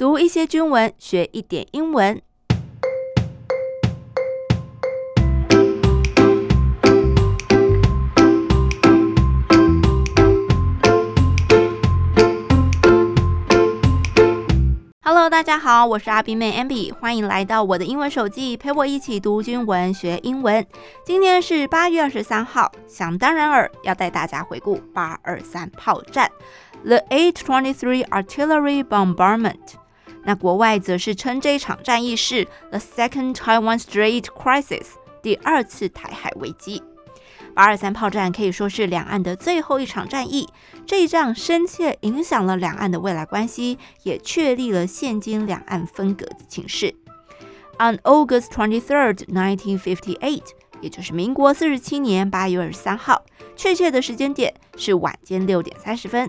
讀一些軍文，學一點英文。Hello，大家好，我是阿比妹 Abby，歡迎來到我的英文手記，陪我一起讀軍文學英文。今天是八月二十三號，想當然爾要帶大家回顧八二三炮戰，The Eight Twenty Three Artillery Bombardment。那國外則是稱這一場戰役是 The Second Taiwan Strait Crisis，第二次台海危機。八二三炮戰可以說是兩岸的最後一場戰役，這一仗深切影響了兩岸的未來關係，也確立了現今兩岸分隔的情勢。On August twenty-third, nineteen fifty-eight，也就是民國四十七年八月二十三號，確切的時間點是晚間六點三十分。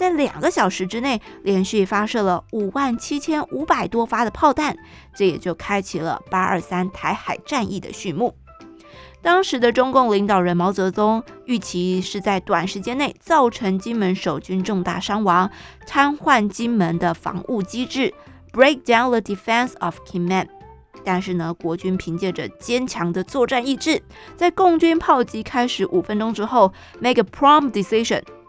在兩個小時之內，連續發射了五萬七千五百多發的炮彈，這也就開啟了八二三台海戰役的序幕。當時的中共領導人毛澤東預期是在短時間內造成金門守軍重大傷亡，癱瘓金門的防務機制，break down the defense of Kinmen。但是呢，國軍憑借着堅強的作戰意志，在共軍炮擊開始五分鐘之後，make a prompt decision。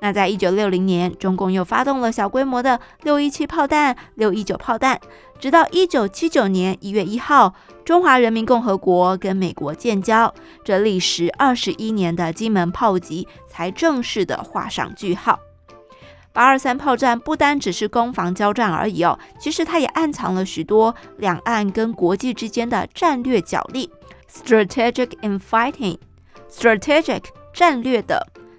那在一九六零年，中共又發動了小規模的六一七炮彈、六一九炮彈，直到一九七九年一月一號，中華人民共和國跟美國建交，這歷時二十一年的金門炮擊才正式的畫上句號。八二三炮戰不單只是攻防交戰而已哦，其實它也暗藏了許多兩岸跟國際之間的戰略角力 （strategic infighting，strategic 戰略的）。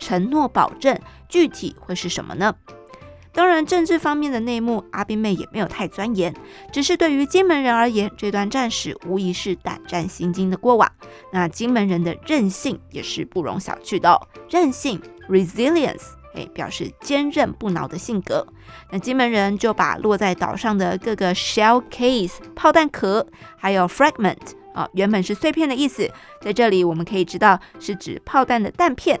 承諾保證具體會是什麼呢？當然，政治方面的內幕，阿斌妹也沒有太鑽研。只是對於金門人而言，這段戰史無疑是膽戰心驚的過往。那金門人的韌性也是不容小覷的哦。韌性 （resilience） 哎，表示堅韌不撓的性格。那金門人就把落在島上的各個 shell case 炮彈殼，還有 fragment 啊，哦，原本是碎片的意思，在這裡我們可以知道是指炮彈的彈片。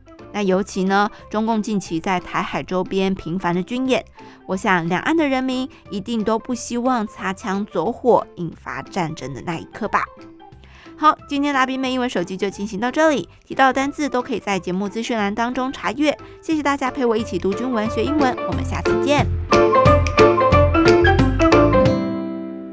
那尤其呢，中共近期在台海周邊頻繁的軍演，我想兩岸的人民一定都不希望擦槍走火引發戰爭的那一刻吧。好，今天的阿邊妹英文手機就進行到這裡，提到的單字都可以在節目資訊欄當中查閱。謝謝大家陪我一起讀軍文學英文，我們下次見。